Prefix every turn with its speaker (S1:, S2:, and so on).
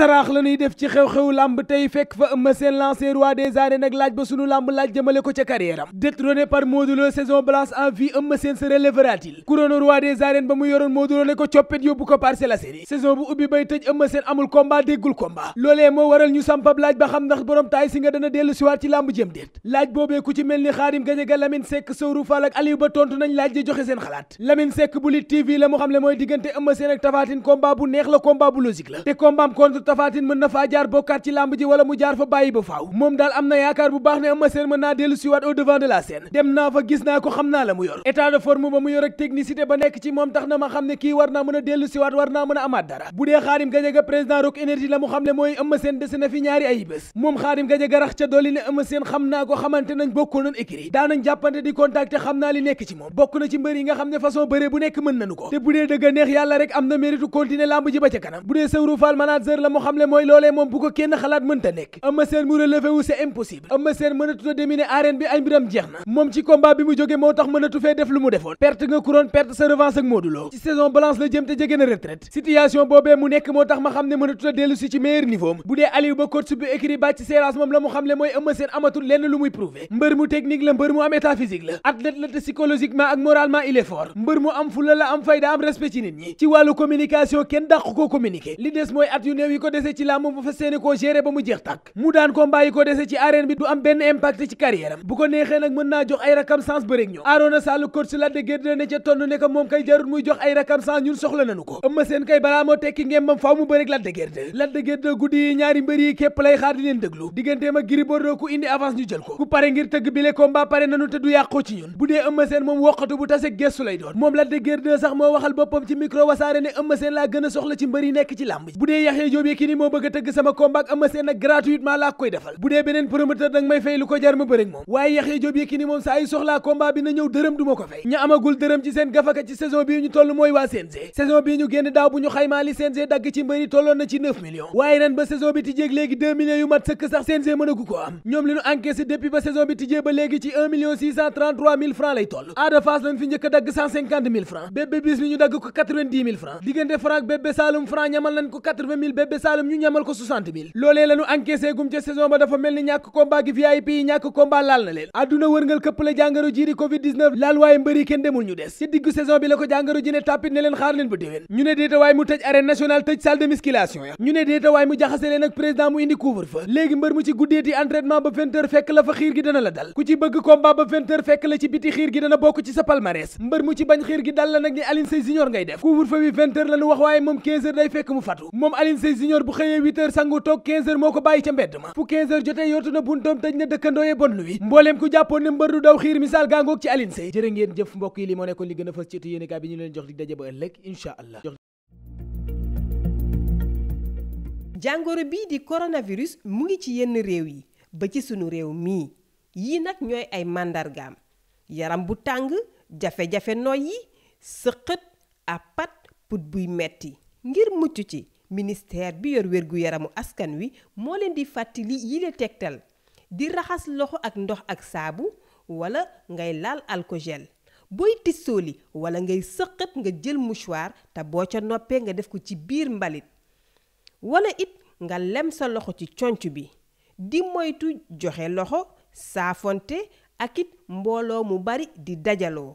S1: saraax la ñuy def ci xew-xewu lamb tey fekk fa Eumeu Sène lancé roi des arènes nag laaj ba sunu lamb laaj jëmale ko ca carrière am détrôné par Modou saison blanche en vie Eumeu Sène se relèvera t roi des arènes ba mu yoroon Modou ne ko coppet yóbbu ko Parcelles Assainies saison bu ubbi bay tëj Eumeu Sène amul combat déggul combat loolee moo waral ñu sampab laaj ba xam ndax borom taay si nga dana dellu siwaat ci lamb jëm déet laaj boobee ku ci mel ni Xaadim Gajaga Lamine Seck Sowru Fall ak Aliou Ba tafaatin mën na faa jaar bokkaat ci làmb ji wala mu jaar fa bàyyi ba faaw moom daal am na yaakaar bu baax ne Eumeu Sène mën naa dellu siwaat au devant de la scène dem naa fa gis naa ko xam naa la mu yor état de forme ba mu yor ak technicité ba nekk ci moom tax na ma xam ne kii war naa mën a dellu siwaat war naa mën a amaat dara bu dee Khadim Gadiaga président Rock Énergie la mu xam ne mooy Eumeu Sène dese na fi ñaari ay bés moom Khadim Gadiaga rax naa ko xamante nañ bokkoo noon écrit daanañ jàppante di contacté xam naa li nekk na ci mbër nga xam ne façon bëree bu nekk ko te bu dee mu xam le mooy loolee moom bu ko kenn xalaat mënta nekk Eumeu Sène mu relevé wu c'est impossible Eumeu Sène mënatu ta bi ay mbiram jeex na moom ci combat bi mu jóge moo tax mënatu fee def lu mu defoon perte nga couronne perte sa revanche ak Modou ci saison balance la jëm te jege na retraite situation boobee mu nekk moo tax ma xam ne mënatu ta ci meilleur niveau bu dee Aliou ba coach bi écrit ci séerage moom la mu xam mooy Eumeu am état physique la athlète la am fula la am fayda am respect ci nit ñi ci wàllu communication kenn dàq ko communiquer ko dese ci làmb mu fas yéene koo gérer ba mu jeex tàkk mu daan combat yi ko dese ci arène bi du am benn impact ci carrière bu ko neexee nag mën naa jox ay rakam sans bëreeg ñoom Arona Sall coach la de gédd ne ca tonn ne ko moom kay jarul muy jox ay rakam sans ñun soxla nañu ko ëmma seen kay balaa moo tekki ngembam faaw mu bëreeg Lac de Guiers guddi yi ñaari mbër yi képp lay xaar di leen déglu digganteem ak Gris Bordeaux ku indi avance ñu jël ko ku pare ngir tëgg bile combat pare a soxla ci mbër yi Yékini moo bëgg tëgg sama combat ak Eumeu Sène nag gratuitement laa koy defal bu dee beneen promoteur nag may fay lu ko jar ma bëre moom waaye Yaxya Jóob Yékini moom saa yu soxlaa combat bi na ñëw dërëm du ko fay ña amagul dërëm ci seen gafaka ci saison bi ñu toll mooy waa CNG saison bi ñu génn daaw bu ñu xaymaa li CNG dagg ci mbëri tolloon na ci 9 millions waaye ren ba saison bi tijjeeg léegi 2 yu mat sëkk sax CNG mënagu Saloum ñu ñamal ko 60 000 loolee la ñu encaissé gum ca saison ba dafa mel ni ñàkk combat gi VIP yi ñàkk combat laal na leen adduna wërngal këpp la jàngaro ji di covid 19 laal waaye mbëri kenn demul ñu des ci diggu saison bi la ko jàngaro ji ne tàppit ne leen xaar leen ba déwén ñu ne déeta waaye mu tëj arène nationale tëj salle de musculation ya ñu ne déeta waaye mu jaxase leen ak président mu indi couvre feu léegi mbër mu ci guddeeti entraînement ba fekk la biti xiir gi dana bokk ci sa dal la nag wax waaye moom 15 heures junior bu xëyee 8 heures sangu toog 15 heures moo ko bàyyi ca mbedd ma fu 15 heures jotee yootu na buntoom tëj na dëkkandooyee bon lu wi mbooleem ku jàppoon ne mbër du daw xiir misaal
S2: jàngoro bii di coronavirus mu ngi ci yenn réew yi ba ci sunu réew mii yii nag ñooy ay màndargaam yaram bu tàng jafe-jafe noy yi sëqët pat put buy metti ngir mucc ci ministère bi yor wérgu yaramu askan wi moo leen di fàttali yile tegtal di raxas loxo ak ndox ak saabu wala ngay laal alkogel booy li wala ngay sëqat nga jël mouchoir te boo ca noppee nga def ko ci biir mbalit wala it nga lem sa loxo ci conc bi di moytu joxe loxo saafonte ak it mbooloo mu bari di dajaloo